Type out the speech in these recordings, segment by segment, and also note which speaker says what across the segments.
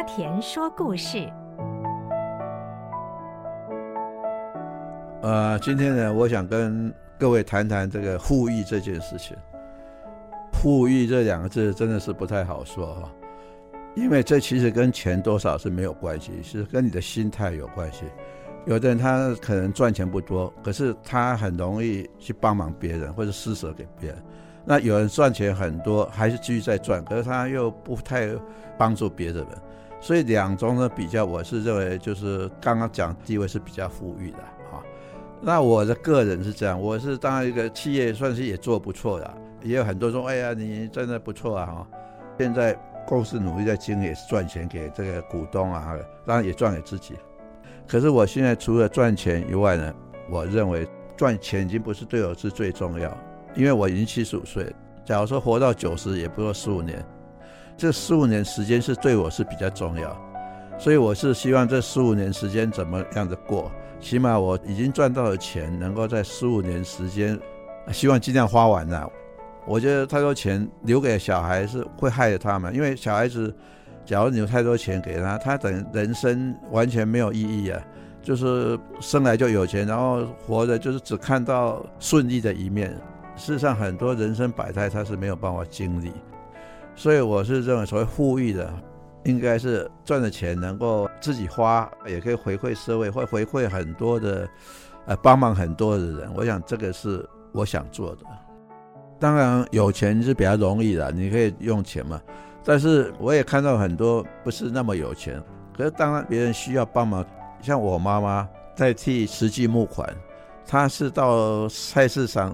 Speaker 1: 阿田說故事。呃，今天呢，我想跟各位談談這個富裕這件事情。富裕這兩個字真的是不太好說哈、哦，因為這其實跟錢多少是沒有關係，是跟你的心態有關係。有的人他可能賺錢不多，可是他很容易去幫忙別人或者施捨給別人。那有人賺錢很多，還是繼續在賺，可是他又不太幫助別人。所以兩種的比較，我是認為就是剛剛講的地位是比較富裕的啊。那我的個人是這樣，我是當一個企業算是也做不錯的，也有很多說，哎呀，你真的不錯啊！哈，現在公司努力在經營，也是賺錢給這個股東啊，當然也賺給自己。可是我現在除了賺錢以外呢，我認為賺錢已經不是對我是最重要，因為我已經七十五歲，假如說活到九十，也不過十五年。這十五年時間是對我是比較重要，所以我是希望這十五年時間怎麼樣的過，起碼我已經賺到了錢能夠在十五年時間，希望儘量花完了。我覺得太多錢留給小孩是會害了他們，因為小孩子，假如你有太多錢給他，他等人生完全沒有意義啊，就是生來就有錢，然後活着就是只看到順利的一面。事實上，很多人生百態他是沒有辦法經歷。所以我是認為所謂富裕的，應該是賺的錢能夠自己花，也可以回饋社會，會回饋很多的，呃，幫忙很多的人。我想這個是我想做的。當然有錢是比較容易的，你可以用錢嘛。但是我也看到很多不是那麼有錢，可是當然別人需要幫忙，像我媽媽代替實際募款，她是到菜市場。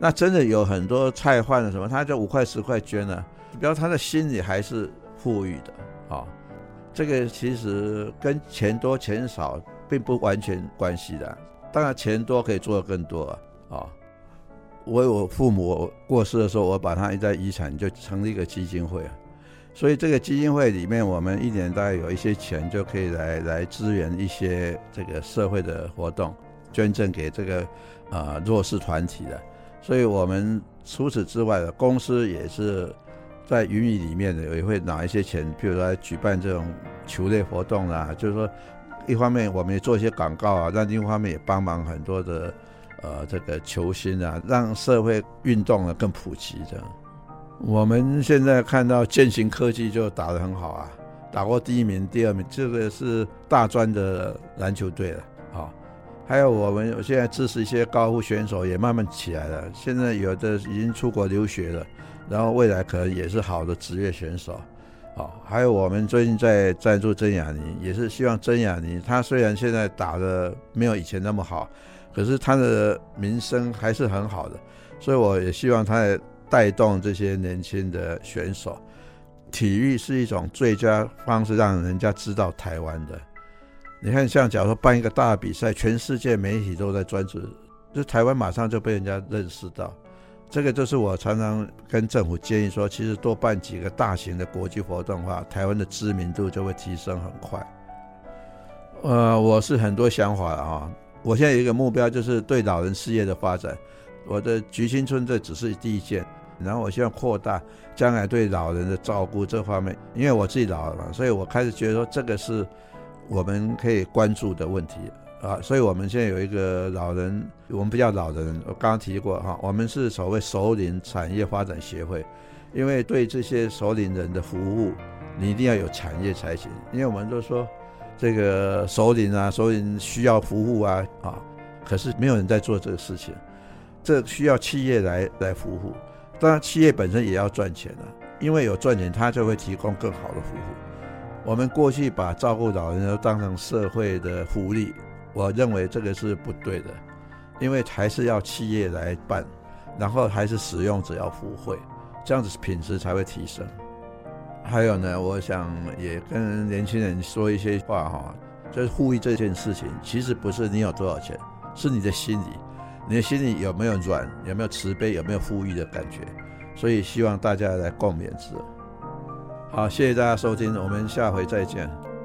Speaker 1: 那真的有很多菜販子什麼，他就五塊十塊捐了，然後他的心裡還是富裕的啊、哦。這個其實跟錢多錢少並不完全關係的，當然錢多可以做得更多啊。我、哦、我父母過世的時候，我把他一袋遺產就成立一個基金會，所以這個基金會裡面，我們一年大概有一些錢，就可以來來支援一些這個社會的活動，捐贈給這個啊、呃、弱勢團體的。所以，我們除此之外的，公司也是在雲雨裡面的，也會拿一些錢，比如說來舉辦這種球類活動啊。就是說，一方面我們也做一些廣告啊，讓另一方面也幫忙很多的呃這個球星啊，讓社會運動呢、啊、更普及。這樣，我們現在看到健行科技就打得很好啊，打過第一名、第二名，這個是大專的籃球隊了、啊。還有，我們現在支持一些高爾夫選手也慢慢起來了。現在有的已經出國留學了，然後未來可能也是好的職業選手，啊、哦。還有，我們最近在贊助曾雅妮，也是希望曾雅妮她雖然現在打的沒有以前那麼好，可是她的名聲還是很好的，所以我也希望她帶動這些年輕的選手。體育是一種最佳方式，讓人家知道台灣的。你看，像假如辦一個大比賽，全世界媒體都在專注，這台灣馬上就被人家認識到。這個就是我常常跟政府建議說，其實多辦幾個大型的國際活動的話，台灣的知名度就會提升很快。呃，我是很多想法了啊、哦。我現在有一個目標，就是對老人事業的發展。我的菊心村這只是第一件，然後我希望擴大將來對老人的照顧這方面，因為我自己老了嘛，所以我開始覺得說這個是。我們可以關注的問題啊，所以我們現在有一個老人。我們不叫老人，我剛剛提過哈，我們是所謂熟齡產業發展協會，因為對這些熟齡人的服務，你一定要有產業才行。因為我們都說這個熟齡啊，熟齡需要服務啊啊，可是沒有人在做這個事情，這需要企業來來服務，當然企業本身也要賺錢啊，因為有賺錢，他就會提供更好的服務。我們過去把照顧老人都當成社會的福利，我認為這個是不對的，因為還是要企業來辦，然後還是使用者要付費，這樣子品質才會提升。還有呢，我想也跟年輕人說一些話哈，就是富裕這件事情，其實不是你有多少錢，是你的心裡，你的心裡有沒有軟，有沒有慈悲，有沒有富裕的感覺，所以希望大家來共勉之。好，謝謝大家收聽，我們下回再見。